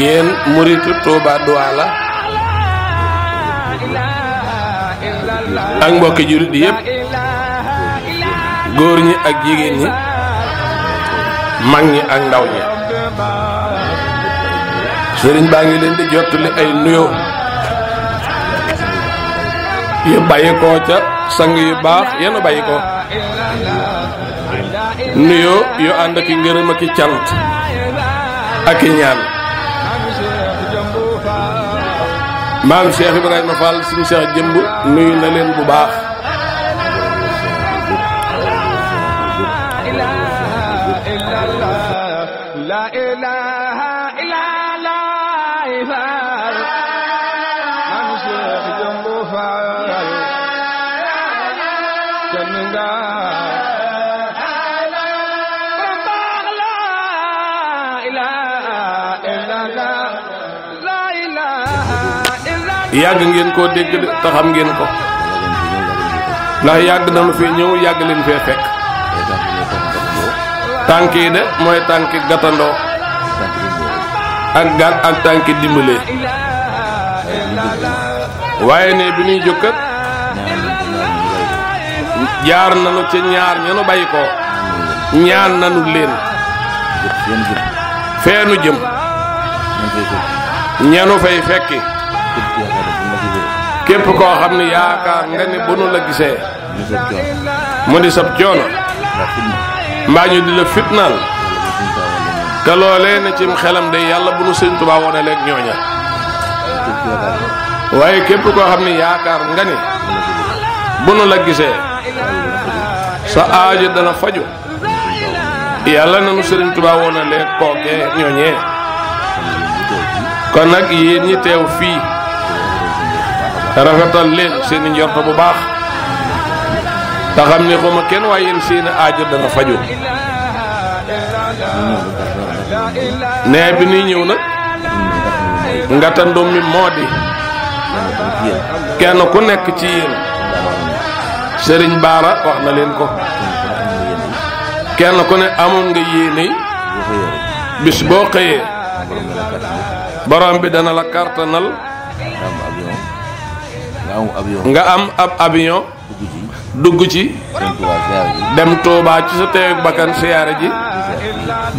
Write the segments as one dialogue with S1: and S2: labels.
S1: yéen muritu Touba Douala ak mbokki jullit yépp góor ñi ak jigéen ñi mag ñi ak ndaw ñi sëriñ baa ngi leen di jottali ay nuyoo yu bàyyi koo ca sang yu baax yenu bàyyi ko nuyoo yu ànd ak i ngërëm ak cant ak i ñaan maam Cheikh Ibrahima Fall suñu Cheikh jëmb nuyu na leen bu baax yàgg ngeen koo dégg de te ngeen ko ndax yàgg nañu fee ñëw yàgg leen fee fekk tànk yi de mooy tànki gatandoo ak gàtt ak tànki dimbalee waaye ne bi ñuy jëkkat jaar nañu ca ñaar ñanu bàyyi ko ñaan nañu leen feenu jëm ñanu fay fekki képp koo xam ne yaakaar nga ne bu nu la gisee. mu di sab coono. mbaa ñu di la fitnaal. te loolee ne cim xelam de yàlla bu nu sëñ Tuubaa wone leeg ñooña. waaye képp koo xam ne yaakaar nga ne. bu nu la gisee. sa aajo dana faju yàlla na nu sëriñ Tuubaa wone leeg kookee ñooñee. nag yéen ñi teew fii. te rafetal leen seen i bu baax te xam xuma kenn waaye yéen seen aajo dana faju nee bi nuy ñëw nag ngatandoom mi moo di kenn ku nekk ci yéen sëriñ baara wax na leen ko kenn ku ne amoon nga yéene bis boo xëyee borom bi dana la kartanal
S2: nga am nga
S1: am ab avion. dugg ci. dem Touba ci sa teew bakkan siyaare ji.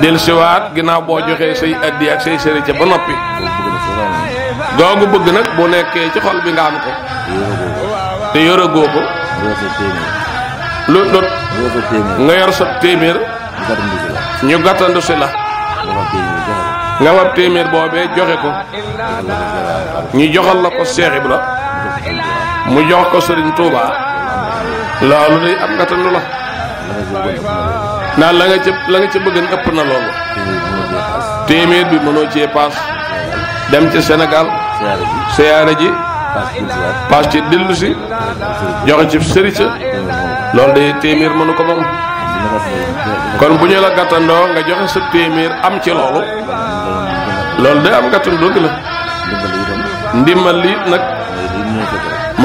S1: del siwaat ginnaaw boo joxee say addi ak say sëriñ ca ba noppi. googu bëgg nag bu nekkee ci xol bi nga am ko. te yoragoo ko. lu lot nga yor sa téeméer. ñu gàttandu si la. nga wab téeméer boobee joxe ko. ñu joxal la ko Seex Ibra mu jox ko Serigne Touba loolu day am nga la naan la nga ca la nga ca bëgg ëpp na loolu téeméer bi mënoo cee paas dem ci senegal siyaare ji paas ci dellu si joxe ci sëri ca loolu day téeméer mënu ko moom kon bu ñu la gàttandoo nga joxe sa téeméer am ci loolu loolu day am gàttandoog la ndimbal li nag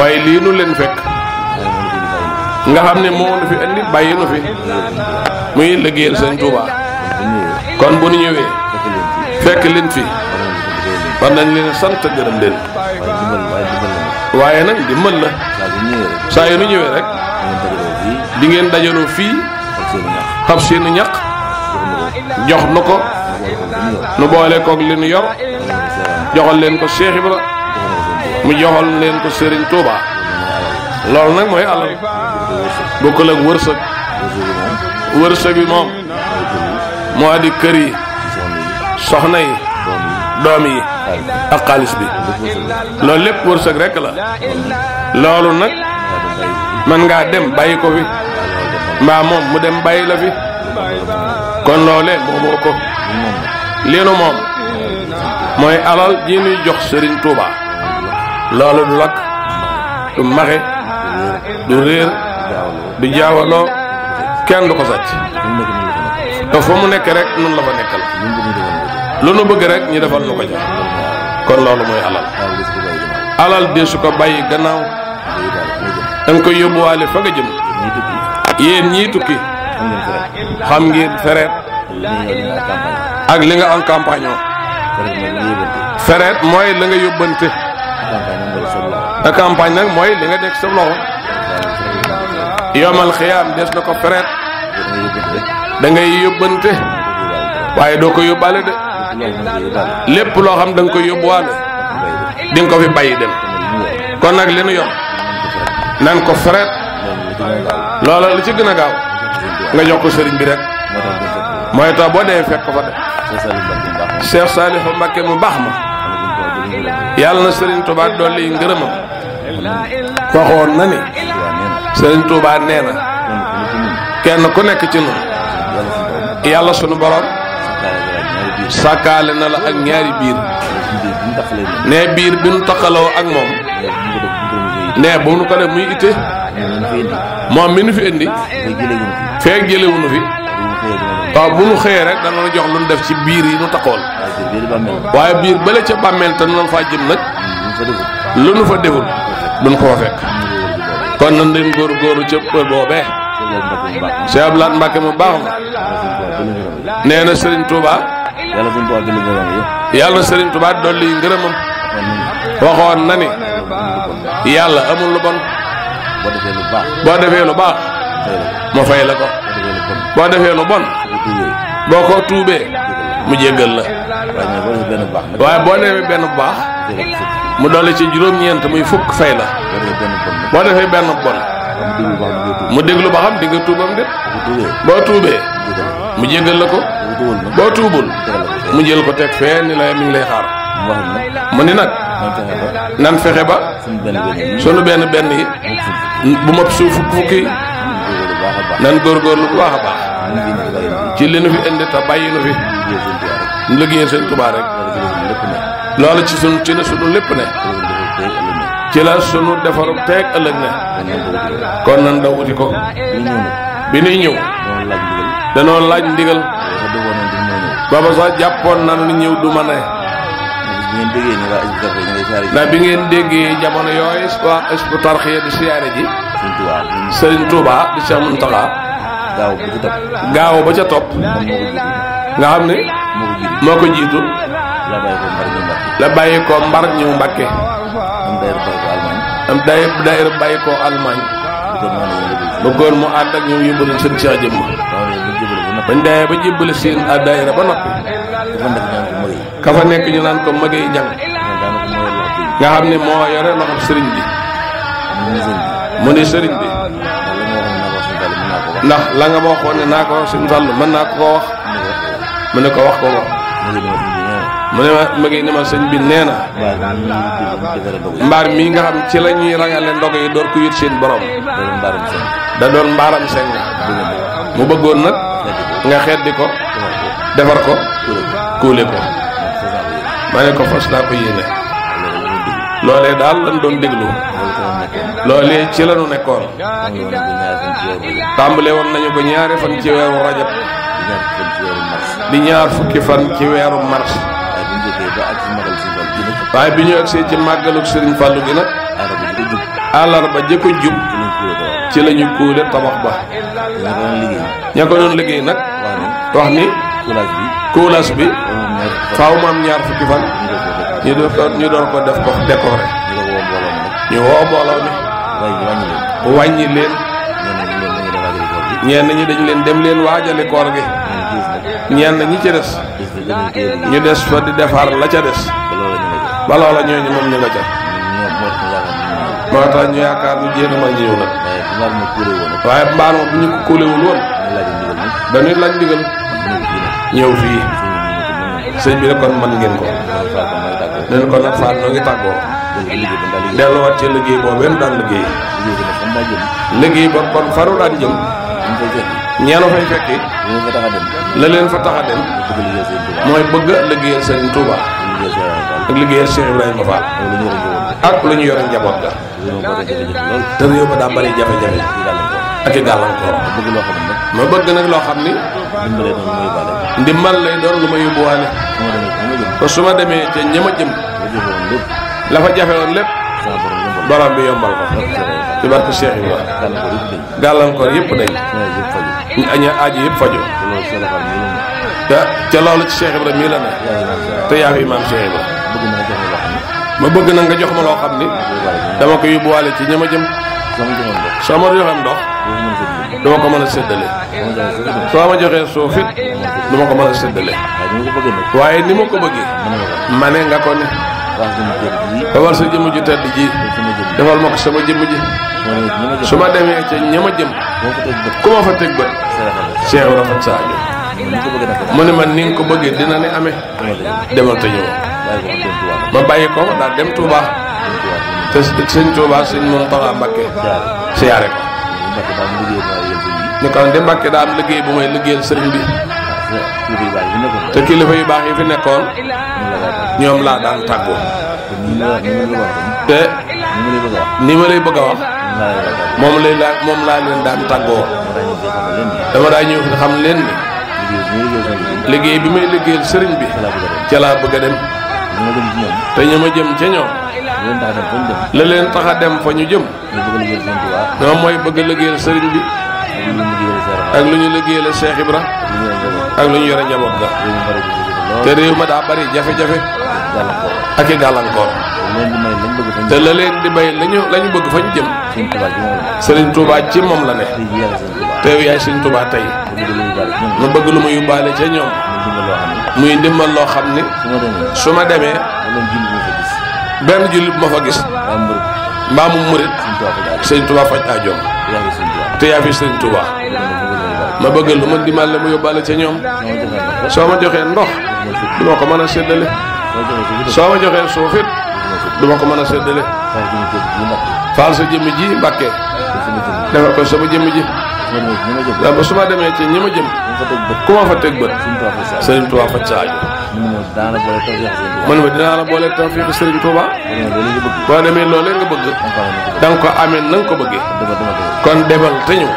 S1: waaye lii nu leen fekk nga xam ne moo nu fi indi bàyyi nu fi muy liggéeyal sëñ Touba kon bu nu ñëwee fekk leen fi war nañ leen sant gërëm leen waaye nag di dimbal la saa yu nu ñëwee rek di ngeen dajaloo fii xab seenu ñaq jox nu ko nu boole koog li nu yor joxal leen ko Cheikh Ibra mu joxal leen ko Serigne Touba loolu nag mooy alal bokkul ak wërsëg wërsëg bi moom moo di kër yi soxna yi doom yi ak xaalis bi loolu lépp wërsëg rek la loolu nag man ngaa dem bàyyi ko fi mbaa moom mu dem bàyyi la fi kon loolee moomoo ko li nu moom mooy alal ji ñuy jox Serigne Touba. loolu du lakk du maxe du réer du jaawaloo kenn du ko sàcc te fa mu nekk rek nun la fa nekkal lu nu bëgg rek ñu defal nu ko jox kon loolu mooy alal alal de su ko bàyyi gannaaw danga koy yóbbuwaale fa nga jëm yéen ñii tukki xam ngeen fereet ak li nga en campagne oo fereet mooy la nga yóbbante ak campagne nag mooy li nga nekk sa loxo yomal xiyaam des na ko fereet dangay ngay yóbbante waaye doo ko yóbbaale de lépp loo xam da nga koy yóbbuwaale di nga ko fi bàyyi dem kon nag li nu nan ko fereet loola lu ci gën a gaaw
S2: nga jox ko sëriñ bi rek
S1: mooy tax boo demee fekk ko fa de Cheikh Saliou Mbacké mu baax ma yàlla na Serigne Touba dolli ngërëmam waxoon na ni Serigne Touba nee na kenn ku nekk ci nun yàlla sunu borom sàkkaale na la ak ñaari biir ne biir bi nu taqaloo ak moom ne bu nu ko def muy itte moom mi nu fi indi feeg jëlewunu fi waaw bu nu xëyee rek dana jox lu nu def ci biir yi nu taqool waaye biir bële ca bàmmeel te noonu faa jëm nag mm, lu nu fa deful duñ ko fa fekk kon nan leen góor góoru ca për boobee Cheikh Abdou mu baax ma nee na Serigne Touba yàlla na Serigne Touba dolli ngërëmam
S2: waxoon na yàlla amul lu bon boo
S1: defee lu baax mu fay la ko boo defee lu bon boo ko tuubee mu jéggal la waaye boo demee benn bu baax mu dolli ci juróom-ñeent muy fukk fay la boo defee benn bon mu déglu ba xam di nga tuubam de boo tuubee mu jégal la ko boo tuubul mu jël ko teg fee ni la mi ngi lay xaar mu ni nag nan fexe ba sunu benn benn yi bu mab suuf fukk fukki nan góorgóorlu bu baax a baax ci li nu fi indi te bàyyi nu fi ñu liggéeyal sëñ Tuubaa rek loolu ci sunu ci la sunu lépp ne ci la sunu defaru teeg ëllëg ne kon nan daw wuti ko bi nuy ñëw danoo laaj ndigal booba sax jàppoon nan lu ñëw du ma ne ndax bi ngeen déggee jamono yooyu waa Hizbu Tarxiya di siyaare ji sëriñ Tuubaa di Cheikh Muntaxa gaaw ba ca topp nga xam ne moo ko jiitu. la bàyyi ko mbar ñu Mbàkke. la bàyyi ko mbar ñu bàyyi ko Allemagne. am daayira mu ànd ak ñoom yóbbu leen seen ci jëmm. bañ dee ba jébbale seen daayira ba noppi. ka fa nekk ñu naan ko magay jàng. nga xam ne moo yore loxo sëriñ bi.
S2: mu ne sëriñ bi. ndax
S1: la nga ma waxoon ne naa ko wax sëriñ mën naa ko wax. mu ne ko wax ko wax.
S2: mu ne ma
S1: ma ngi ne ma sëñ bi nee na mbaar mii nga xam ci lañuy ñuy rangale ndog yi door ko yit seen borom da doon mbaaram seng mu bëggoon nag nga xeddi ko defar ko kuule ko ma ne ko fas naa ko yéene loolee daal lañ doon déglu loolee ci la ñu nekkoon tàmbale woon nañu ko ñaari fan ci weeru bi ñaar fukki fan ci weeru mars waaye bi ñu agsee ci màggaluk sëriñ Fallou gi nag àllarba jëkko jub ci la ñu kuule tabax ba ña ko doon liggéey nag wax ni kuulaas bi faaw ma am ñaar fukki fan ñu doon ko ñu doon ko def ko décoré ñu woo mbooloo mi wàññi leen ñenn ñi dañu leen dem leen waajale koor gi ñeen ñi ci des ñu des fa di defar la ca des ba loola ñooñu moom ñu nga ca
S2: moo tax ñu yaakaar ñu jéem a ñëw nag waaye mbaar moom bu ñu ko kóolewul woon
S1: dañuy laaj ndigal ñëw fii sëñ bi rek kon man ngeen ko nen kon nag faat noo ngi tàggoo delluwaat ci liggéey boobu benn daan liggéey liggéey ba kon faru daan jëm ñeenu fay fekki la leen fa tax a dem mooy bëgg a liggéeyal Serigne Touba ak liggéeyal Cheikh Ibrahima Fall ak lu ñu yore njaboot ga te réew ba daa bari jafe-jafe ak i gàllankoor ma bëgg nag loo xam ni ndimbal lay doon lu ma yóbbuwaale ko su ma demee ca ñama jëm la fa jafe woon lépp borom bi yombal ko ci barke Cheikh Ibrahima gàllankoor yëpp dañ aña aaji yëpp faju te ca loolu ci Cheikh Ibrahima mii la ne te yaa fi maam Cheikh Ibrahima ma bëgg na nga jox ma loo xam ni dama ko yóbbuwaale ci ñama jëm soo ma ko mën a séddale soo ma joxee suuf it duma ko mën a seddale waaye ni ma ko bëggee ma ne nga ko ne defal sa jëmm ji tedd ji defal ma sama jëmm ji su ma demee ca ña ma jëm. ku ma fa teg bët. Cheikh Ibra Faty mu ne ma ni nga ko bëggee dina ne amee. demal te ñëw. ma bàyyi ko fa daal dem Touba. te sëñ Touba sëñ Mountakha Mbacké. siyaare ko. ñu ko de Mbacké daa am liggéey bu may liggéeyal sëriñ bi. te kilifa yu baax yi fi nekkoon. ñoom laa daan tàggoo. te ni ma lay bëgg a wax. moom laa moom laa leen daan tàggoo dama daa ñëw xam leen ni liggéey bi may liggéeyal sëriñ bi ca laa bëgg a dem te ña ma jëm ca ñoom la leen tax dem fa ñu jëm ñoom mooy bëgg a liggéeyal sëriñ bi ak lu ñu liggéeyal Seex Ibra ak lu ñu yore njaboot ga te réew ma daa bari jafe-jafe ak i gàllankoor te la leen di may lañu la ñu bëgg fañ jëm Serigne tuubaa ci moom la ne teew yaay Serigne Touba tey nu bëgg lu mu yóbbaale ca ñoom muy ndimbal loo xam ne su ma demee benn jullit ma fa gis mbaa mu murit Serigne Touba faj aajoom te yaa ma bëgg lu ma dimbal la mu yóbbaale ca ñoom soo ma joxee ndox du ma ko mën a séddale soo ma joxee suuf du ko mën a séddale. faal sa jëmm ji mbàkke. defal ko sama jëmm ji. waaw ba su ma demee ci ñi ma jëm. ku ma fa teg bët. Serigne Touba faj sa aajo. man ma boo demee loolee nga bëgg. da nga ko amee na nga ko bëggee. kon demal te ñëw.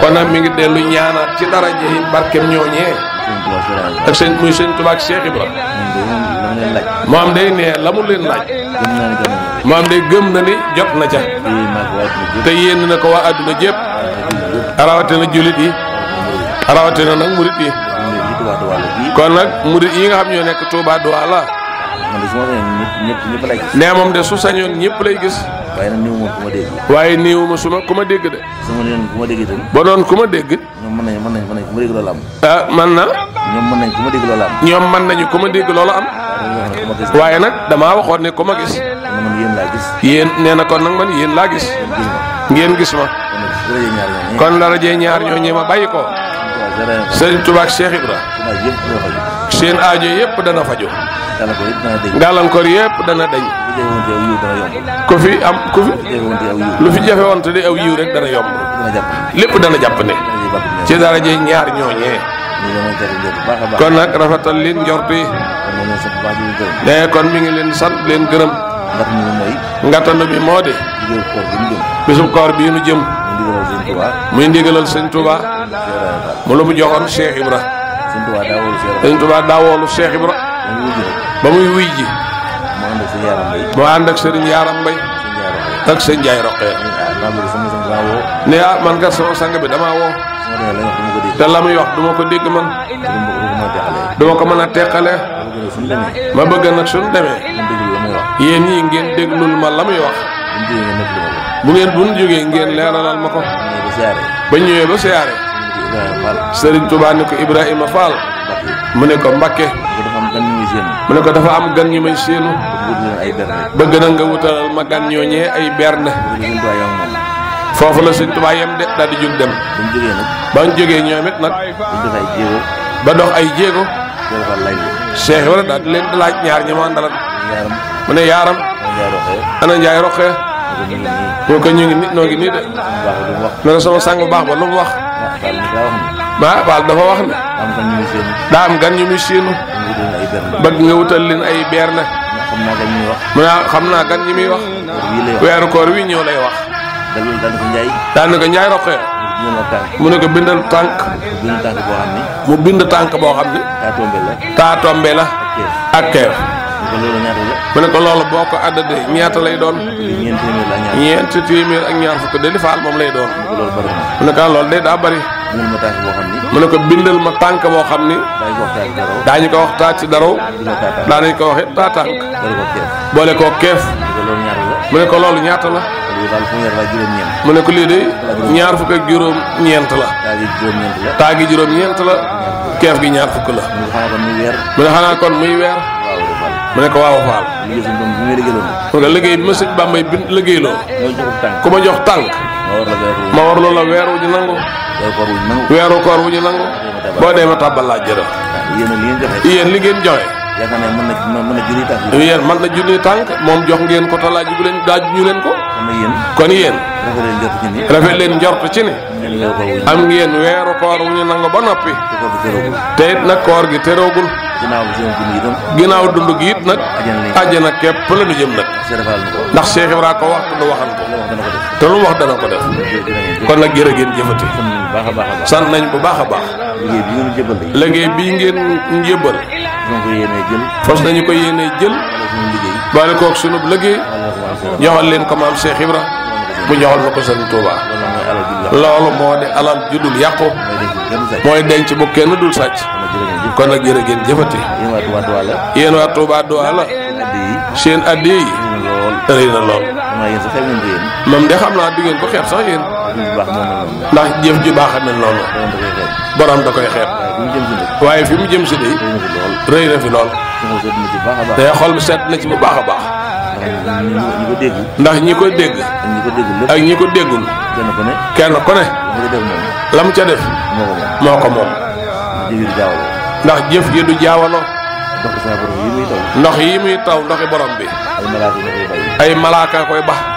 S1: kon nag mi ngi dellu ñaanaat ci dara ji barkeem ñooñee. ak sëñ muy sëñ Touba ak Cheikh
S2: Ibrahima. mu leen laaj.
S1: maam day nee la mu leen laaj. maam day gëm na ni jot na ca. te yéen na ko waa àdduna jépp. rawatina jullit yi. rawatina nag murit yi. kon nag murit yi nga xam ñoo nekk Touba Douala. nee moom de su sañoon ñëpp lay gis. waaye nag néew ma ku ma dégg. waaye néew ma su ku ma dégg de. suma ma ku ma dégg itam. ba doon ku ma dégg. ñoom mën nañu mën nañu ku ma dégg loola am. Ah, man na. ñoom mën nañu ku ma dégg loola am. ñoom mën ma dégg loola am. waaye nag damaa waxoon ne ku ma gis. yéen nee na kon nag man yéen laa gis. ngeen gis ma. kon la rajee ñaar ñooñee ma bàyyi ko. Sëriñ Tuubaa ak ra Ibra. seen aajo yëpp dana faju gàllankoor yëpp dana dañ. ku am ku fi. lu fi jafe woon te de aw yiw rek dana yomb. lépp dana jàpp ne. ci dara ñaar ñooñee. kon nag rafetal leen njort yi. nee kon mi ngi leen sant leen gërëm. ngatanu bi moo de bisub koor bii nu jëm. muy ndigalal sëñ Touba. mu lu mu joxoon Cheikh Ibra. sëñ Touba daawoolu Cheikh Ibra. ba muy wuy ji. mu ànd ak sëriñ Yaaram Mbay ak sëñ Njaay Roqee. ne ah man kat sama sang bi damaa woo. te la muy wax duma ko dégg man du ko mën a teqale ma bëgg nag suñ demee yéen nii ngeen déglul ma la muy wax bu ngeen bu ñu jógee ngeen leeralal ma ko ba ñëwee ba siyaare sëriñ Tuubaa ni ko mu ne ko Mbakke mu ne ko dafa am gan ñu may séenu bëgg na nga wutalal ma gan ñooñee ay berne foofu la sëñ Tuubaa yem de daal di jug dem. ba ñu jógee ñoom it nag. ba dox ay jéego. Cheikh wala daal di leen di ñaar ñi ma àndalat. mu ne yaaram. ana Njaay roqee. pour que ñu ngi nit noo ngi nii de. ne la sama baax ba lu mu wax.
S2: ah
S1: Baal dafa wax ne. daa am gan ñu muy séenu. bëgg nga wutal leen ay beer na. mu ne xam naa gan ñi muy wax. weeru koor wi ñëw lay wax. daan na ko Njaay roqee mu ne ko bindal tànk mu bind tànk boo xam ne taa tombe la ak keef mu ne ko loolu boo ko àddadee ñaata lay doon ñeenti téeméer ñaar fukk deli faal moom lay doon mu ne ko loolu ah, de daa bari mu ne ko bindal ma tànk boo xam ni daañu ko wax taat ci daraw daanañ ko waxee taa tànk boole koo keef mu ne ko loolu ñaata la mu ne ko lii ñaar fukk ak juróom-ñeent la. taagi juróom-ñeent la. keef gi ñaar fukk la. mu ne xanaa kon muy weer. mu ne ko waaw faal. mu ne liggéey bi ma sëñ Bàmbay bi liggéeyloo. ku ma jox tànk. ma war loola weer wu ñu nangu. weeru koor wu ñu nangu. boo dee ma tàbbal laa jëra. yéen li ngeen joxe. yaakaar naa mën na mën na junniy tànk. yéen mën na junniy tànk moom jox ngeen ko talaaj bu leen daaj ñu leen ko. kon yéen. rafet leen njort ci ne. am ngeen weeru koor wu ñu nangu ba noppi. te it nag koor gi teroogul. ginnaaw dund gi it nag. ajjana képp la ñu jëm nag. ndax Cheikh Ibra ko wax te lu waxan ko. te lu wax dana ko def. kon nag jërë ngeen jëfati. baax a baax sant nañ bu baax a baax. liggéey bi ngeen jébbal la. liggéey bii ngeen jébbal. fas nañu ko yéenee jël. fas nañu ko yéenee jël. boole koog sunu liggéey. joxal leen ko maam Cheikh Ibra mu joxal ma ko sëñ Touba. loolu moo di alal ju dul yàqu. mooy denc bu kenn dul sàcc. kon nag jërë ngeen jëfati. yéen waa Touba Douala. seen addi yi. rëy na lool. moom de xam naa di ngeen ko xeeb sax yéen. jëf ju baax moo ndax jëf ju baax a mel noonu. borom da koy xeeb. waaye fi mu jëm si de. rëy na fi lool. te xol seet na ci bu baax a baax.
S2: ndax ñi ko dégg. ak
S1: ñi ko déggul. kenn ku ne. la mu ca def. moo ko moom. ndax jëf ji du jaawaloo. ndox yi muy taw ndoxi borom bi. ay malaaka koy bax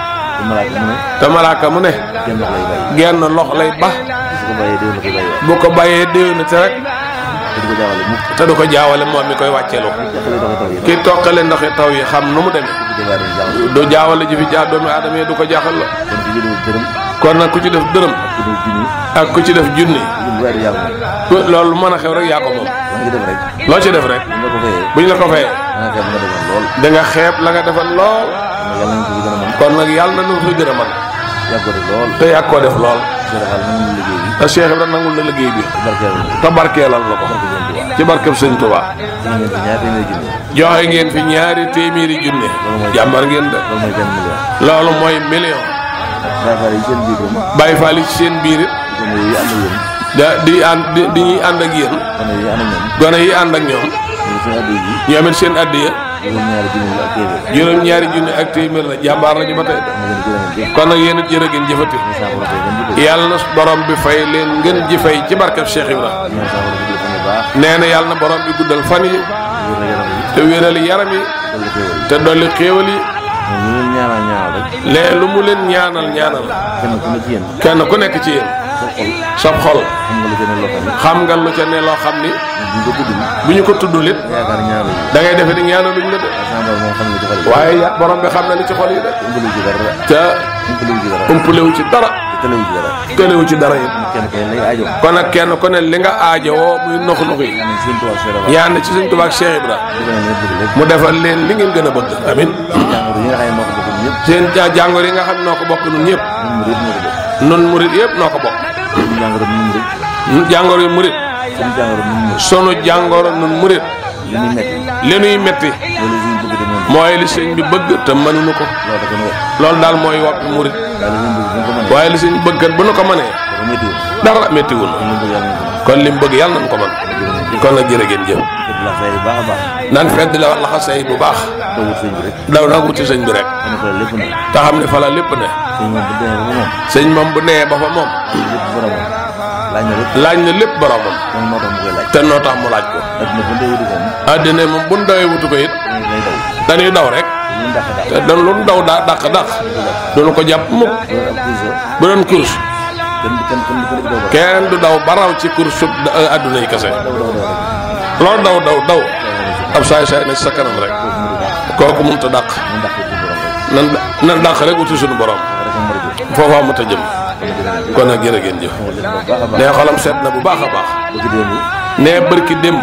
S1: te malaaka mu ne genn lox lay ba bu ko bàyyee déwénati rek te du ko jaawale moom mi koy wàcceelu ki toqale ndoxi taw yi xam nu mu demee du jaawale ji fi jaar doomi aadama yi du ko jaaxal la kon nag ku ci def dërëm ak ku ci def junni loolu mën a xew rek yaa ko moom loo ci def rek buñ la ko fayee da nga xeeb la nga defal lool kon nag yàlla na nu ko gërëmal. tey ak te koo def lool. te Cheikh Ibrahima nangul la liggéey bi. te barkeelal la ko. ci barkeb sëñ Touba. joxe ngeen fi ñaari téeméeri junne. jàmbar ngeen de. loolu mooy million. Baye Fall ci seen biir it. di ànd di ñuy ànd ak yéen. gone yi ànd ak ñoom. ñu amee seen addiya juróom-ñaari junni ak téeméer la jàmbaar lañu ba tey kon nag yéen it jërë ngeen jëfati yàlla na borom bi fay leen ngën ji fay ci barkeb Cheikh Ibra nee na yàlla na borom bi guddal fan yi te wéral yaram yi te dolli xéewal yi léegi lu mu leen ñaanal ñaanal kenn ku nekk ci yéen sab xol xam nga lu ca loo xam ni bu ñu ko tuddul it da ngay defe ni ñaanaluñ
S2: la de waaye ya
S1: borom bi xam na li ci xol yi de te umpalewu ci dara tëlewu ci dara yi kon nag kenn ku ne li nga aajowoo muy nox nox yi yaa ne ci suñ tubaab Cheikh Ibra mu defal leen li ngeen gën a bëgg amin seen jàngoor yi nga xam noo ko bokk ñun ñëpp nun murit yëpp noo ko bokk sunu jàngoro nun murit. sunu jàngoro yi murit. sunu jàngoro nun murit. sunu jàngoro nun murit. li nuy metti. li mooy li sëñ bi bëgg te mënuñu ko. loolu daal mooy wàpp murit. waaye li sëñ bëgg kat bu nu ko mënee. dara méttiwul. kon li mu bëgg yàlla nañu ko mën. kon nag jërë ngeen jëf. naan fedd la laxasay bu baax. daw naa wut ci sëñ bi rek. te xam ne fa lépp ne. sëñ moom bu nee ba fa moom. laaj na lépp boromam. te noo tax mu laaj ko. àddina moom bu ñu dawee wutu ko it. dañuy daw rek. te dañ lu daw daa dàq dàq. duñu ko jàpp mukk. bu doon course. kenn du daw ba raw ci course su eh, àdduna yi kese. loolu daw daw daw. ab saay saay na ci sa kanam rek. kooku mënut a dàq. nan nan dàq rek wuti suñu borom foofaa mot a jëm
S2: kon nag jërë ngeen
S1: jëf nee xolam seet na bu baax a baax nee bërki démb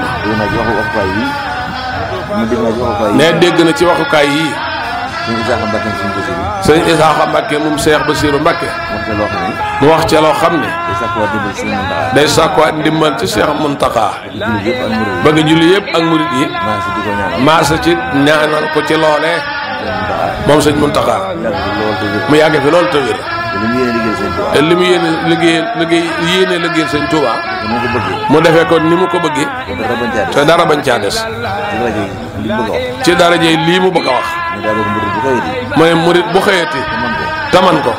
S1: nee dégg na ci waxukaay yii sëñ Isaaxa Mbàkke moom Seex ba Mbàkke mu wax ca loo xam ne day sàkkuwaat ndimbal ci Seex Muntaxa bëgg julli yëpp ak murit yi maasa ci ñaanal ko ci loolee moom sëñ Muntaxa mu yàgg fi loolu tawér te li mu yéene liggéey liggéey yéene liggéey sëñ Touba mu defee ko ni mu ko bëggee te dara bañ caa des ci dara jëy lii mu bëgg a wax mu ne murit bu xëyati taman ko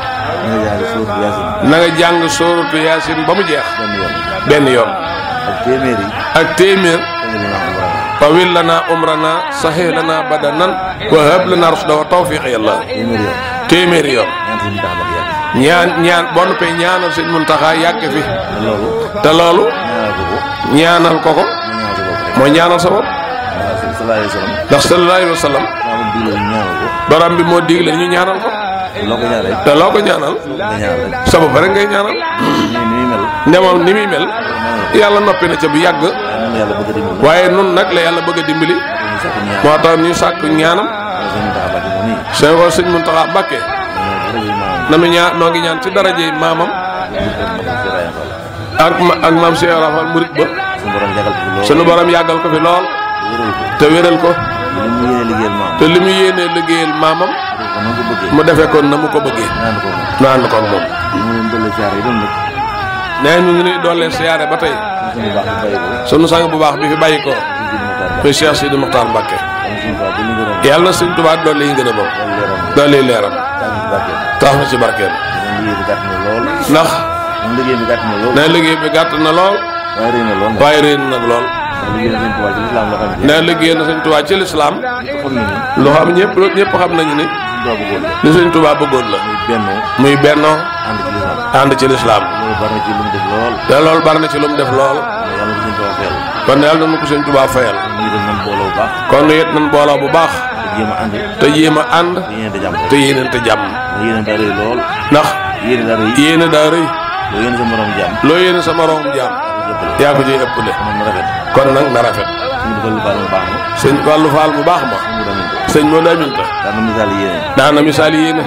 S1: na nga jàng sóoratu yaasin ba mu jeex benn yoon ak téeméer la fawil lana umrana sahih lana badanan wa hab lana rusda wa tawfiq yàlla téeméeri yoon ñaan ñaan boo noppee ñaanal sëñ Muntaxa yàgg fi te loolu ñaanal ko ko mooy ñaanal sa ndax sallallahu alayhi bi moo digle ñu ñaanal ko te loo ko ñaanal sa bopp rek ngay ñaanal ne moom ni muy mel yàlla noppi na ca bu yàgg waaye nun nag la yàlla bëgg a dimbali moo tax ñu sàkk ñaanam seen ko sëñ Muntaxa Mbàkke na mu ñaan noo ngi ñaan ci daraje maamam ak ak maam si rafal murit ba sunu borom yàggal ko fi lool te wéral ko te li mu yéenee liggéeyal maamam mu defe ko na mu ko bëggee naan ko ak moom nee ñu ngi nuy dooleel siyaare ba tey sunu sang bu baax bi fi bàyyi ko muy Cheikh Sidi Mokhtar Mbacke yàlla na sëñ Tuubaa doole yi gën a bokk doole yi leeram tax na ci barkeem ndax nee liggéey bi gàtt na lool waaye réy na nag lool nee liggéey na sëñ Tuubaa ci lislaam loo xam ñëpp ñëpp xam nañu ni li sëñ Tuubaa bëggoon la muy bennoo ànd ci lislaam te loolu bari na ci lu mu def lool kon yàlla nañu ko sëñ Tuubaa fayal kon nu it nañ booloo bu baax te jéem a ànd te yéenante jàmm ndax yéene daa rëy loo yéene sa moroom jàmm yaa ko ciy ëpp de kon nag na rafet sëñ wàllu faal mu baax ma sëñ moo ko daana misaal yéene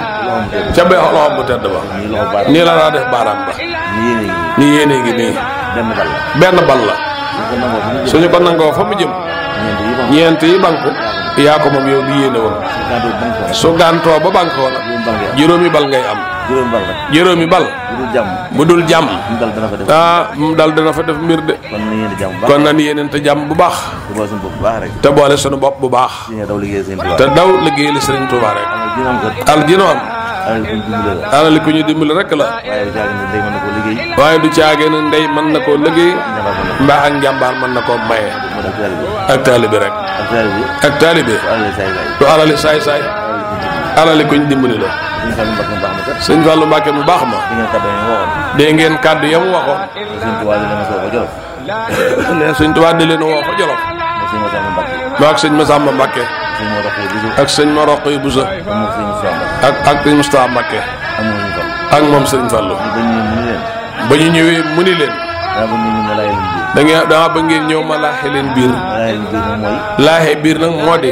S1: ca bee xolxom bu tedd ba nii la daa def baaraam ba ni yéene gi nii benn bal la suñu ko nangoo fa mu jëm ñeent yi banku yaa ko moom yow li yéene woon su gàntoo ba bankoo nag juróomi bal ngay am juróomi bal bu dul jàmm ah mu dal dana fa def mbir de kon nan yéeneente jàmm bu baax te boole sunu bopp bu baax te daw liggéey la sëriñ Tuubaa rek al jinoom alal ku ñu dimbali rek la waaye du caagee ne ndey mën na koo liggéey mbaa ak njàmbaar mën na koo maye ak taalibi rek ak taalibi du alali saay saay alali ku ñu dimbali la sëñ Fallou Mbacke mu baax ma dee ngeen kàddu yam waxoon ne sëñ Tuubaa di leen woo fa ak sëñ Masamba Mbacke. ak sëñ Maroqi Bousso. ak ak sëñ Moustapha Mbacke. ak moom sëñ ba ñu ñëwee mu ni leen. da ngeen dama bëgg ngeen ñëw ma laaxee leen biir. laaxee biir nag moo di.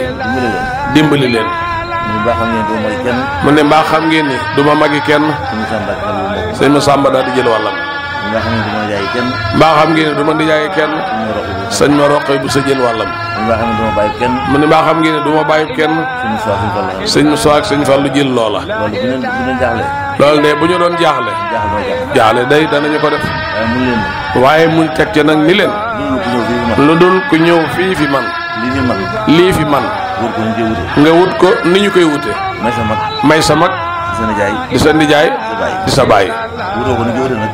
S1: leen. mu ne mbaa xam ngeen ni du ma magi kenn. sëñ Masamba daal di jël wàllam. mbaa xam ngeen du ma di kenn. sëñ ma roqee bu sa jël wàllam. mu ne maa xam ngeen ne du ma bàyyi kenn sëñ Moussa ak sëñ Fallou jël loola loolu de bu ñu doon jaaxle jaaxle day danañu ko def waaye muñ teg ca nag ni leen lu dul ku ñëw fii fi man lii fi man nga wut ko ni ñu koy wute may sa mag di sa nijaay di sa bàyyi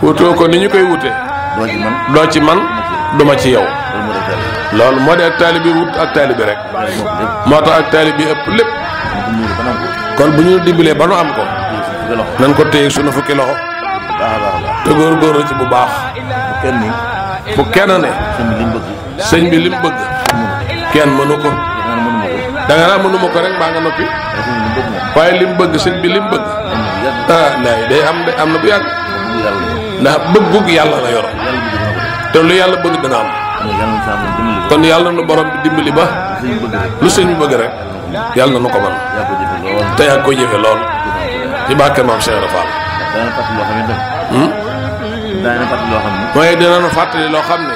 S1: wutoo ko ni ñu koy wute doo ci man duma ci yow loolu moo di ak taalibe bi wut ak taalibe rek moo tax ak taalibe bi ëpp lépp kon bu ñu dimbalee ba nu am ko nan ko téye suñu fukki loxo te góorgóorlu ci bu baax bu kenn ne sëñ bi lim bëgg kenn mënu ko da naa mënu ko rek maa nga noppi waaye lim bëgg sëñ bi lim bëgg ah laay day am de am na bu yàgg ndax bëggug yàlla la yor te lu yàlla bëgg dana am kon yàlla nu borom bi dimbali ba lu sëñ bi bëgg rek yàlla na nu ko man te yaa koy jëfe lool ci barke maam Cheikh Fall mooy hmm? dinañu fàttali loo xam ne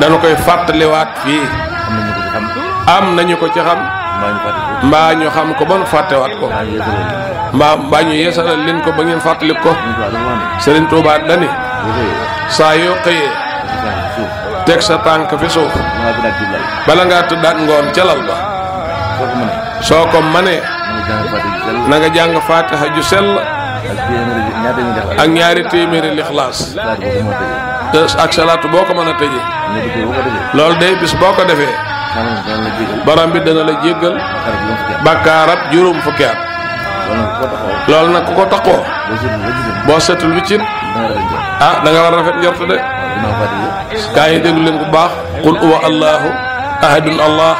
S1: dana koy fàttaliwaat fii am nañu ko ci xam mbaa ñu xam ko ba nu fàttewaat ko mbaa mbaa ñu yeesalal leen ko ba ngeen fàttali ko Serigne Touba dani saa yoo xëyee teg sa tànk fi suuf bala ngaa tëddaat ngoon ca lal ba soo ko manee na nga jàng faatiha ju sell ak ñaari téeméeri lixlaas ak salaatu boo ko mën a tëjee loolu day bis boo ko defee borom bi dana la jéggal bàkkaarab juróom fukki at loolu na ku ko taxoo boo setul wiccit ah da nga a rafet njort de gaa yi déglu leen bu baax qul huwa allahu ahadun allah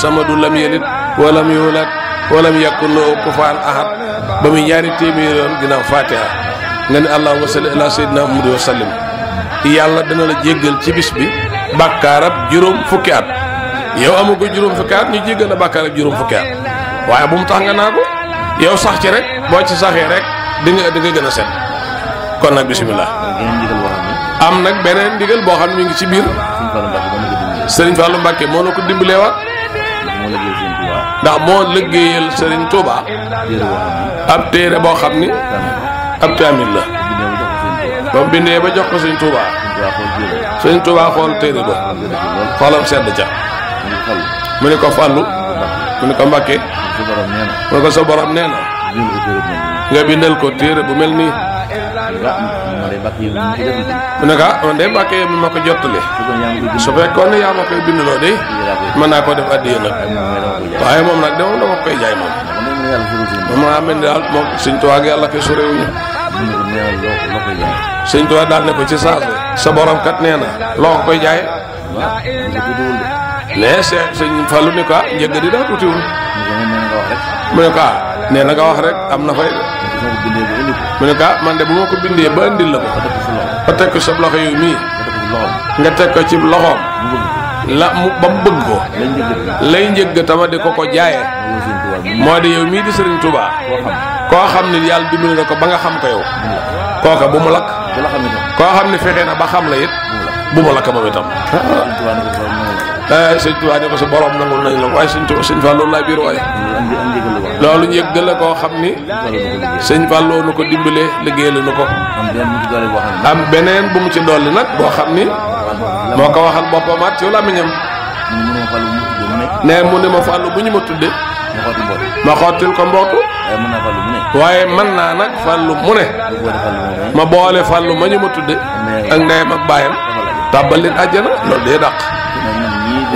S1: samadu lam yalid walam yulad walam yakun ahad ba muy ñaari téeméer yoon ginnaaw fatiha nga ne allahuma salli ala sayyidina muhammad wa sallim yàlla dana la jéggal ci bis bi bàkkaarab juróom fukki at yow amu ko juróom fukki at ñu jéggal la bàkkaarab juróom fukki at waaye bu mu tax nga naa ko yow sax ci rek boo ci saxee rek di nga di nga gën a set kon nag bisimilah am nag beneen ndigal boo xam ne ñu ngi ci biir sëriñ Fallou Mbacke moo la ko dimbalee waat ndax moo liggéeyal sëriñ Touba ab téere boo xam ni ab kaamil la ba mu bindee ba jox ko sëriñ Touba sëriñ Touba xool téere ba xoolam sedd ca mu ne ko Fallou mu ne ko Mbacke mu ne ko sa borom nee na nga bindal ko téere bu mel nii mu ne ko ah man de Mbàkke yow mi ma ko jottali su fekkoon ne yaa ma koy bindloo de mën naa koo def addiya nag waaye moom nag de moom dama koy jaay moom moom maa mel daal moom Sëñ Tuubaa ak yàlla fi sorewuñu Sëñ Tuubaa daal ne ko ci saase sa borom kat nee na loo ko koy jaay mais sëñ Fallou ne ko ah di daa tuutiwul mu ne ko ah, nee na wax rek am na fay. mu ne ko ah man de bu ma ko bindee ba indil la ko. ba teg ko sa loxo yu mii. nga teg ko ci loxoom. la mu ba mu bëgg ko. lay njëgg tama di ko ko jaayee. moo de yow mii di Serigne Touba. koo xam ne yàlla dimbali na ko ba nga xam ko yow. kooka bu mu lakk. koo xam ne fexe na ba xam la it. bu mu lakk moom itam. Eh, sëñ Tuubaa ne ko sa borom nangul nañ la waaye sëñ Tuubaa sëñ Fallou laay biir waaye loolu njëgg la koo xam ni sëñ Fallou nu ko dimbalee liggéey la nu ko am beneen bu mu ci dolli nag boo xam ni moo ko waxal boppamaat ci làmmiñam ne mu ne ma Fallou bu ñu ma tuddee ma xottil ko mbootu waaye man naa nag Fallou mu ne ma boole Fallou ma ñu ma tudde ak ndeyam ak baayam tàbbal leen àjjana loolu dee daq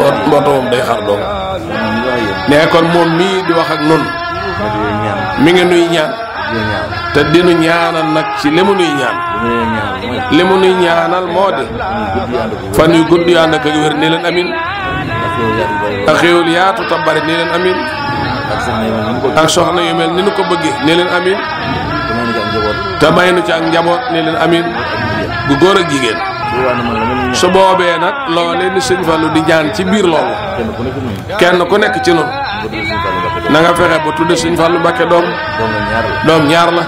S1: mboota moom day xar kon moom mii di wax ak nun mi ngi nuy ñaan te dinu ñaanal nag ci li mu nuy ñaan li mu nuy ñaanal moo di fan yu gudd yu ak wér ni leen amin ak xéewal yaatu ta bari ni leen amin ak soxna yu mel ni nu ko bëggee ni leen amin te may nu ci ak njaboot ni leen amin gu góor ak jigéen su boobee nag loolee ni sëñ Fallou di ñaan ci biir loolu kenn ku nekk ci noonu na nga fexe ba tudde sëñ Fallou Mbacké doom doom ñaar la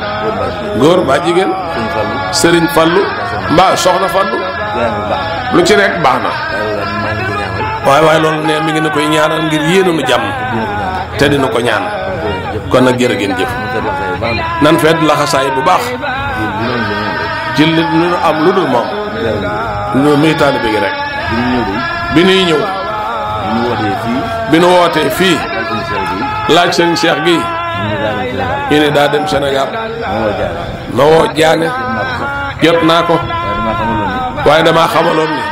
S1: góor ba jigéen sëriñ Fallou mbaa soxna Fallou lu ci nekk baax na waaye waaye loolu ne mi ngi ne koy ñaanal ngir yéenu nu jàmm te dina ko ñaan kon nag a ngeen jëf nan fedd laxasaay bu baax ci li am lu dul moom ñoom muy taalibe gi rek. bi ñuy ñëw. bi ñu wootee fii. laaj seen Cheikh gi ñu ne daa dem Sénégal. ma woo jaane. jot naa ko. waaye damaa xamaloon ni.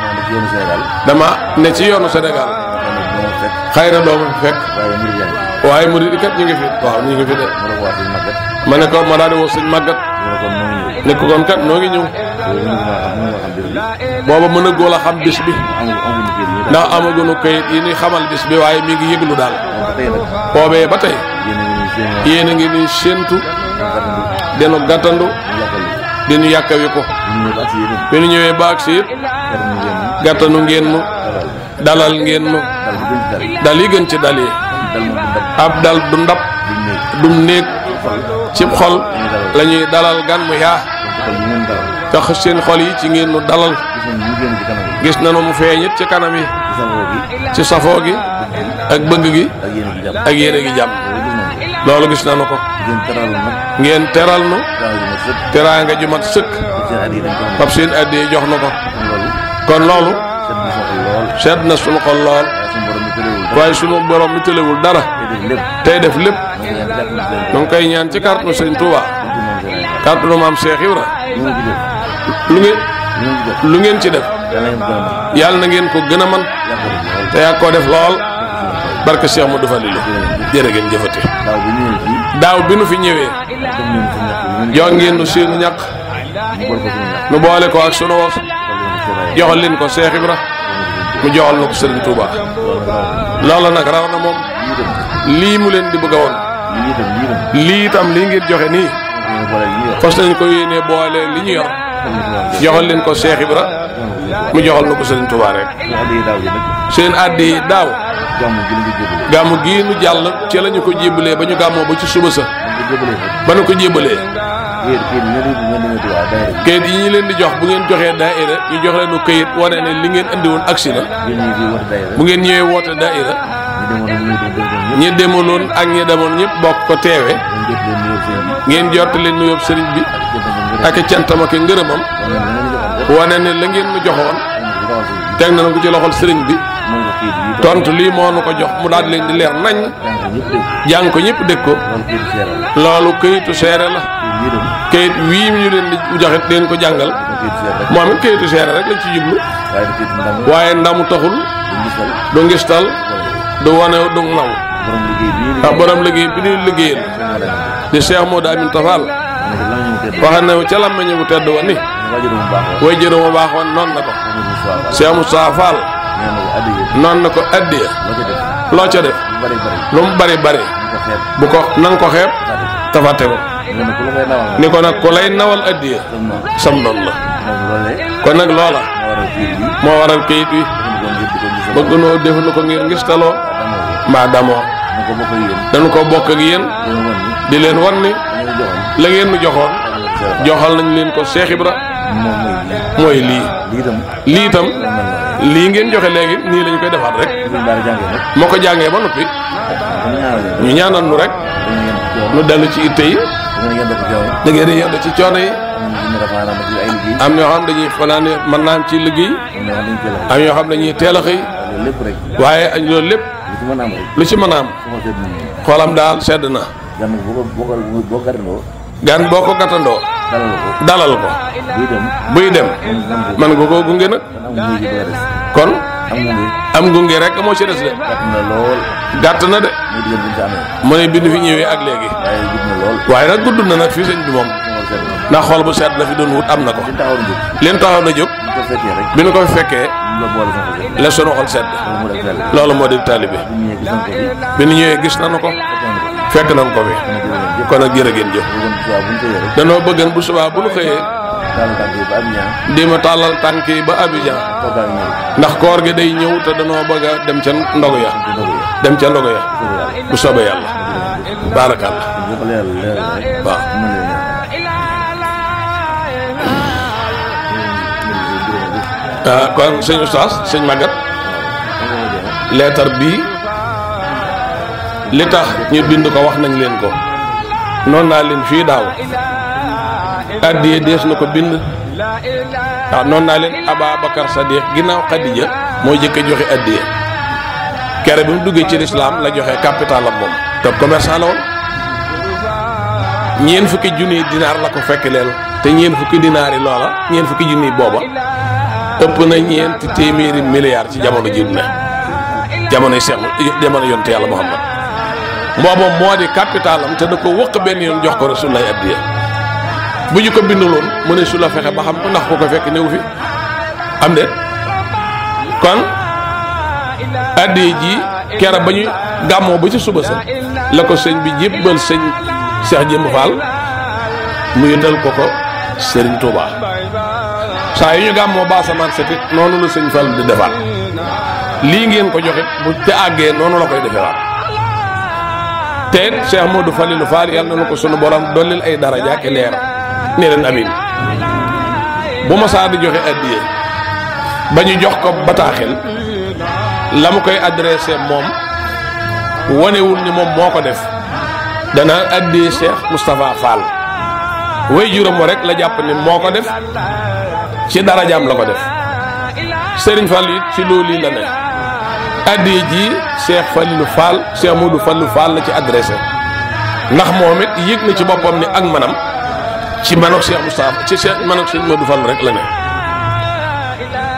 S1: dama ne ci yoonu Sénégal. xëy na doo ma fi fekk. waaye murid kat ñu ngi fi ñu ngi fi ma ne ko ma daal di woo sëñ màggat. ne ko kon kat ngi ñëw. booba mën a góol a xam bis bi ndax amagunu kayit yi ñuy xamal bis bi waaye mi ngi yëglu daal boobee ba tey yéen a ngi nuy séentu denu gàttandu dinu yàkkawi ko bi nu ñëwee ba agsi it gàttanu ngeen nu dalal ngeen nu dal yi gën ci dal yi ab dal du ndab dum néeg cib xol lañuy dalal gan mu yaa tax seen xol yi ci ngeen nu dalal gis na nañu mu feeñ it ci kanam yi ci safoo gi ak bëgg gi ak yéene gi jàmm loolu gis nañu ko ngeen teral nu teraanga ju mat sëkk fab seen addee jox na ko kon loolu sedd na sunu xol lool waaye sunu borom mi tëlewul dara tey def lépp mu ngi koy ñaan ci kàrtu Sëriñ Tuubaa kàrtu maam Cheikh Ibra lu ngeen. lu ngeen ci def. yàlla na ngeen ko gën a man te yaa koo def lool. barke Cheikh Modou Fallilou. jërë ngeen jëfate. daaw bi nu fi ñëwee. jox ngeen nu seenu ñàkk. nu boole ko ak sunu wax. joxal leen ko Cheikh ra mu joxal na ko Serigne Touba. loola nag raw na moom. lii mu leen di bëgg woon. lii itam lii ngeen joxe nii. fas nañ ko yéenee boole li ñu yor. joxal leen ko Cheikh ra mu joxal na ko Serigne Touba rek seen addi daaw gàmmu gii nu jàll ci la ñu ko jébbalee ba ñu gàmmoo ba ci suba sa ba nu ko jébbalee kayit yi ñu leen di jox bu ngeen joxee daaira ñu jox leen nu kayit wane ne li ngeen indi woon agsi na bu ngeen ñëwee woote daaira ñi demoon ak ñi demoon ñëpp bokk ko teewe ngeen jot leen nuyoo sëriñ bi ak i cantam ak i ngërëmam wane ne la ngeen nu joxoon teg na ko ci loxol sëriñ bi tontu lii moo nu ko jox mu daal leen di leer nañ jàng ko ñëpp dégg ko loolu këyitu seere la këyit wii ñu leen di joxe leen ko jàngal moom it këyitu seere rek la ci jublu waaye ndamu taxul du ngistal du wane du naw
S2: ndax ah, borom liggéey
S1: bi ñuy liggéeyal di Cheikh Modou Amin Tafal waxe ne ca làmmiñ bu tedd wa ni way jërëm bu baax woon na ko Cheikh Moussa Fall noonu na ko addiya loo ca def lu mu bari bari bu ko nanga ko xeeb tafate ko ni ko nag ku lay nawal addiya sam noonu la ko nag loola moo waral kayit wi bëgg noo def nu ko ngir ngistaloo mbaa damoo dañu ko bokk ak di leen wan ni la ngeen nu joxoon joxal nañ leen ko Cheikh Ibra mooy lii lii itam lii ngeen joxe léegi nii lañ koy defaat rek moo ko jàngee ba noppi ñu ñaanal nu rek nu dellu ci itte yi da ngeen di yedd ci coono yi am yoo xam dañuy fanaan mën naa ci liggéey am ñoo xam dañuy teel a xëy waaye loolu lépp lu ci mën a am xoolam daal sedd na gan boo ko gàttandoo dalal ko buy dem man ko koo gunge nag kon am gunge rek moo ci des de gàtt na de mu ne bind fi ñëwee ak léegi waaye nag gudd na nag fii sëñ bi moom ndax xool bu sedd la fi doon wut am na ko leen taxaw na jóg fekkee bi nu ko fekkee. la sunu xol sedd. loolu moo di taalibe. bi nu ñëwee gis nanu ko. fekk nañ ko fi. kon ak jërë ngeen jëf. danoo bëgg bu subaa bu nu xëyee. di ma tàllal tànk yi ba Abidjan. ndax koor gi day ñëw te danoo bëgg dem ca ndogu ya. dem ca ndogu ya. bu soobee yàlla. baarakàlla waaw. Euh, kon sëñ oustaz sëñ màggat leetar bii li tax ñu bind ko wax nañ leen ko noon naa leen fii daaw addiyee dees na ko bind ah, noon naa leen Ababacar Sadiq ginnaaw Xadija moo jëkk a joxe addiyee kere bi mu duggee ci lislaam la joxe capital am moom te commerçant ñeen fukki junniy dinaar la ko fekk leel te ñeen fukki dinaar loola ñeen fukki junniy booba ëpp na ñeenti téeméeri milliards ci jamono ji ne jamono yi Cheikh jamono yonte yàlla Muhammad mboobam moo di capital am te da ko wëq benn yoon jox ko Rasulullaay addiya bu ñu ko bindaloon mu ne su la fexe ba xam ndax ko ko fekk néew fi am de kon addiya ji kera ba ñu gàmmoo ba ci suba sa la ko sëñ bi jébbal sëñ Cheikh Jëmb Fall mu yëndal ko ko Serigne Touba. saa yu ñu gàmmoo Basamaan set it noonu la sëñ Fall di defaat lii ngeen ko joxit bu ca àggee noonu la koy defewaat te it Cheikh Modou Falilou Fall yàlla na ko sunu borom dollil ay dara ak leer ne leen amin bu ma saa di joxe addiye ba ñu jox ko bataaxel la mu koy adressé moom wonewul ni moom moo ko def dana addiye Cheikh Moustapha Fall way juróom wa rek la jàpp ne moo ko def ci darajaam la ko def sëriñ fal it ci loolu la ne addiye ji Cheikh Fallou Fall Cheikh fal Fallou Fall la ci adressé ndax moom it yëg na ci boppam ni ak manam ci manok bu Moustapha ci Cheikh manok Cheikh Modou fal rek la ne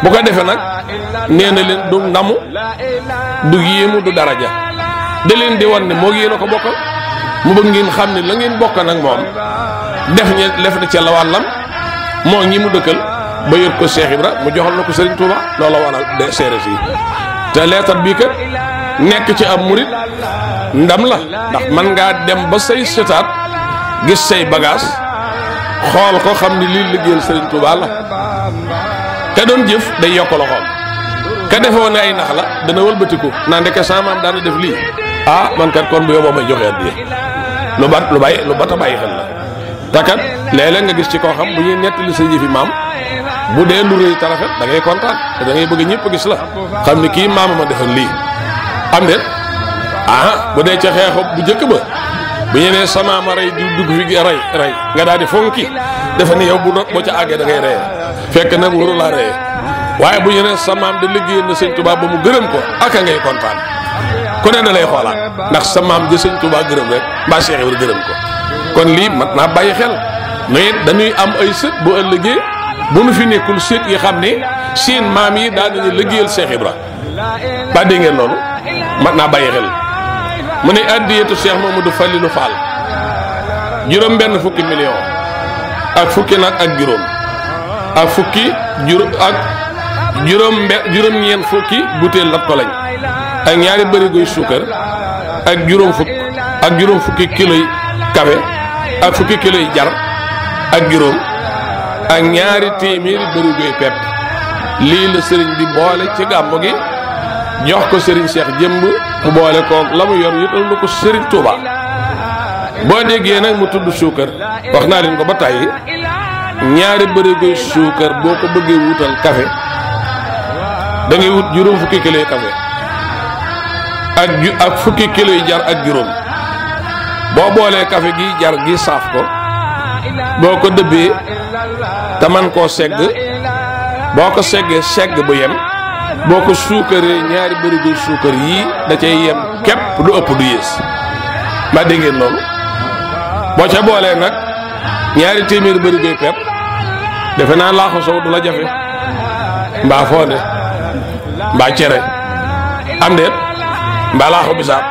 S1: bu ko defee nag nee na leen du ndamu du yéemu du daraja da leen di wan ne moo yéen ko bokkal mu bëgg ngeen xam ne la ngeen bokk nag moom def ñe def na ca la wàllam moo ngi mu dëkkal ba yor ko Cheikh Ibra mu joxal na ko Serigne Touba loola waral de seeres yi te leetar bii kat nekk ci am murit ndam la ndax man ngaa dem ba sëy setaat gis say bagage xool ko xam ni lii liggéeyal Serigne Touba la ka doon jëf day yokk la xool ka defoo ne ay nax la dana wëlbatiku naa ndeke sama maam daana def lii ah man kat kon bu yóbboo may joxe addiya lu bat lu bàyyi a bàyyi xel la te kat léeg-léeg nga gis ci koo xam bu ñuy nettali sa jëfi maam bu dee lu rëy tarafet da ngay kontaan te da ngay bëgg ñëpp gis la xam ni kii maama ma defal lii am déet ah bu dee ca xeexu bu njëkk ba bu ñu nee sama ma rey du dugg fi rey rey nga daal di fonki dafa ni yow bu doon boo ci àggee dangay ngay reyee fekk nag waru laa reyee waaye bu ñu nee samaam de liggéeyal na sëñ Tuubaa ba mu gërëm ko a ngay kontaan ku ne da lay xoolaat ndax samaam de sëñ Tuubaa gërëm rek mbaa Cheikh gërëm ko kon lii mat naa bàyyi xel mais dañuy am ay sët bu ëllëgee bu nu fi nekkul sët yi xam ne seen maam yi daan nañu liggéeyal Seex Ibra ba ngeen loolu mat naa bàyyi xel mu ne addiyatu Seex Mamadu Falilu Fall juróom benn fukki million ak fukki nag ak juróom ak fukki juróom ak juróom juróom fukki butéel lat ko lañ ak ñaari bërigoy suukar ak juróom fukk ak juróom fukki kilo kafe ak fukki kilo yi jar ak juróom ak ñaari téeméeri bërigoy pepp lii la sëriñ bi boole ci gàmmu gi jox ko sëriñ Cheikh jëmb mu boole koog la mu yor yëtal na ko sëriñ Touba boo déggee nag mu tudd suukar wax naa leen ko ba tàyyi ñaari bërigoy suukar boo ko bëggee wutal café da wut juróom fukki kilo yi café ak ak fukki kilo yi jar ak juróom boo boolee kafe gi jar gi saaf ko boo ko dëbbee te man koo segg boo ko seggee segg bu yem boo ko suukaree ñaari bërigo suukar yii da cay yem képp du ëpp du yées ma dégg ngeen loolu boo ca boolee nag ñaari téeméeri bërigoy pepp defe naa laaxu sow du la jafe mbaa fonde mbaa cere am déet mbaa laaxu bisaab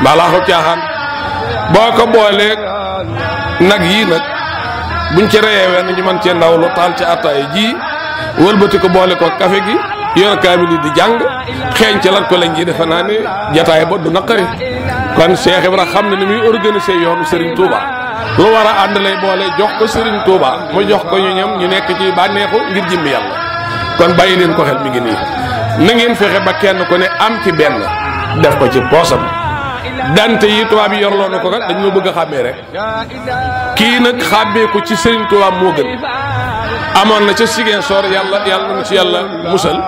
S1: mbaa laaxu caaxaan boo ko boolee nag yii nag buñ ci reyee wenn ñu man cee ndaw lu taal ci attaay ji wëlbati ko boole ko kafe gi yor kaamil yi di jàng xeeñ ca lan ko lañ ji defe naa ne jataay ba du naqari kon Cheikh Ibra xam ne ni muy organiser yoonu Serigne Touba lu war a ànd lay boole jox ko sëriñ Touba mu jox ko ñu ñoom ñu nekk ci bànneexu ngir jimbi yàlla kon bàyyi leen ko xel mi ngi nii na ngeen fexe ba kenn ko ne am ci benn def ko ci poosam. dante yi tubaab yi yorloo na ko kat dañ la bëgg a xàmmee rek kii nag xàmmee ko ci Serigne Touba moo gën amoon na ca Ziguinchor yàlla yàlla mu ci yàlla musal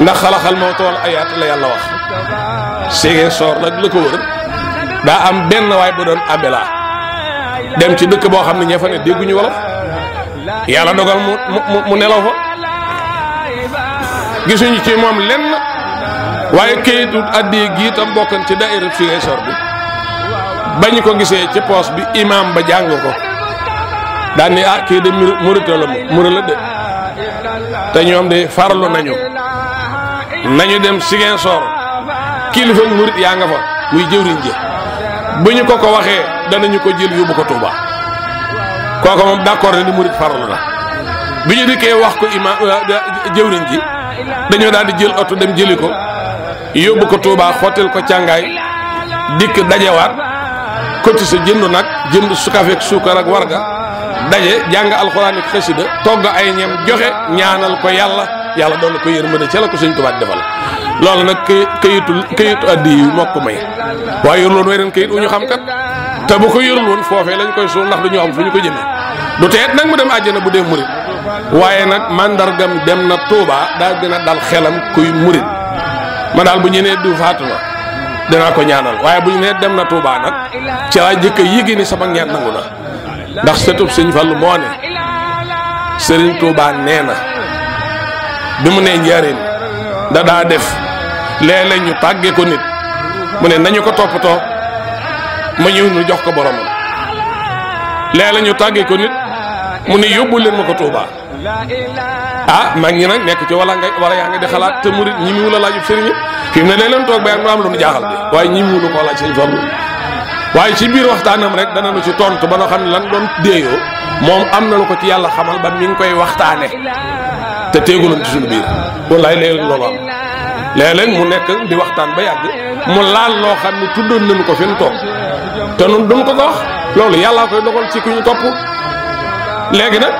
S1: ndax xalaxal mawta wal ayaat la yàlla wax Ziguinchor nag la ko wër daa am benn waay bu doon abela dem ci dëkk boo xam ne ña fa ne dégguñu wolof yàlla dogal mu mu nelaw fa gisuñu ci moom lenn. waaye këyitu addiya gi itam bokkan ci da daayira Ziguinchor bi bañ ko gisee ci poos bi imam ba jàng ko daan ni ah kii de murita la mura la de te ñoom de farlu nañu nañu dem Ziguinchor kilifa murit yaa nga fa muy jëwriñ ji bu ñu ko ko waxee danañu ko jël yóbbu ko Touba kooko moom d'accord ne di murit farlu la bu ñu dikkee wax ko imam jëwriñ ji dañoo daal di jël oto dem jëli ko yóbbu ko Touba xottil ko càngaay dikk dajewaat cotiser jënd nag jënd su kafe ak suukar ak warga daje jàng alxuraan ak xasida togg ay ñem joxe ñaanal ko yàlla yàlla doon ko yërmande ca la ko Sëñ Touba defal loolu nag këyitu këyitu addi yi moo ko may waaye yorul woon weneen këyit wu ñu xam kat te bu ko yorul woon foofee lañ koy suul ndax du ñu am fu ñu ko jëmee du teet nag mu dem àjjana bu dee murit waaye nag mandargam dem na Touba daa gën a dal xelam ma daal bu ñu nee du faatu na ko ñaanal waaye bu ñu nee dem na Touba nag ci laa jëkk yéegi ni sama ñaan nangu na ndax sëtub sëñ Fallu moo ne sëriñ Touba nee na bi mu nee njariñ da daa def léeg-léeg ñu tàggee ko nit mu ne nañu ko toppatoo ma ñëw ñu jox ko boromam léeg-léeg ñu tàggee ko nit mu ne yóbbu leen ma ko tuubaa ah mag ñi nag nekk ci wala nga wala yaa nga di xalaat te murit ñi mu la laajub sëriñam fi mu ne léeg-léeg toog ba yàgg mu am lu nu jaaxal bi waaye ñi mu ko laaj sëñ Fallu waaye ci biir waxtaanam rek dana nu ci tontu ba nga xam ne lan doon déeyoo moom am na lu ko ci yàlla xamal ba mi ngi koy waxtaane te teeguloon ci suñu biir wallaay léeg-léeg loolu am léeg mu nekk di waxtaan ba yàgg mu laal loo xam ne tuddoon nañu ko fi nu toog te nun duñ ko ko wax yàllaa koy ci ku ñu topp léegi nag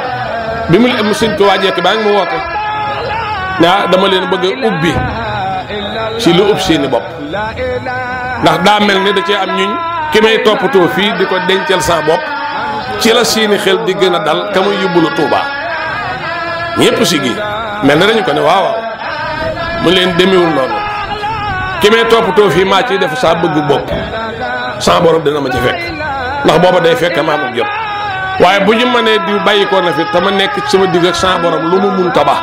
S1: bi mu am sëñ Tuubaa jekk baa ngi mu woote ah dama leen bëgg a ubbi ci lu ub seeni bopp ndax daa mel ne da cee am ñuñ ki may toppatoo fii di ko denceel sa bopp ci la seeni xel di gën a dal ka muy yóbbu la Tuubaa ñépp si gi mel na dañu ko ne waaw waaw mu leen demewul noonu ki may toppatoo fii maa ciy def saa bëgg bopp saa borom dina ma ci ndax booba day fekk maa mu jot waaye bu ñu mënee di bàyyi ko na te ma nekk sama digg ak sama borom lu mu mun ta ba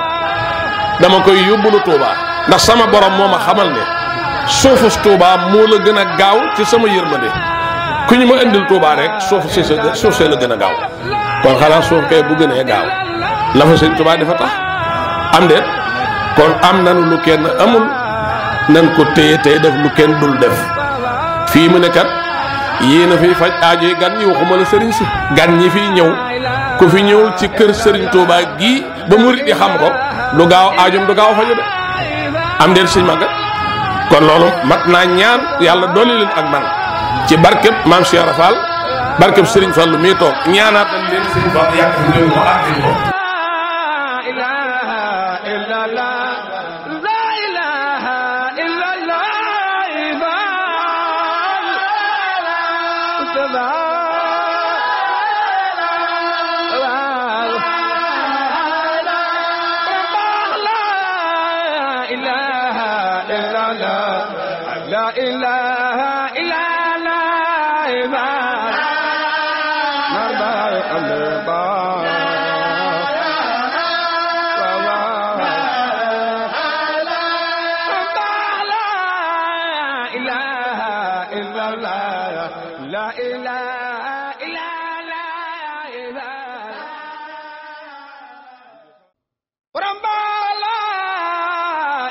S1: dama koy yóbbu yóbbulu Touba ndax sama borom moo ma xamal ne suufus Touba moo la gën a gaaw ci sama yërmande ku ñu ma indil Touba rek suuf si sa suuf see la gën a gaaw kon xanaa suuf kay bu gënee gaaw la fa sëñ Touba dafa tax am déet kon am nanu lu kenn amul nan ko téye tey def lu kenn dul def fii mu ne yéen na fi faj aajo yi gan ñi waxuma sëriñ si gan ñi fiy ñëw ku fi ñëwul ci kër sëriñ Touba gii ba mu yi xam ko lu gaaw aajum du gaaw a faju de am déet suñ màggat kon loolu mat naa ñaan yàlla doole leen ak man ci barkeb maam Cheikh Rafal barkeb sëriñ Fallu mii toog ñaanaat leen sëriñ Fallu yàq ñëw ko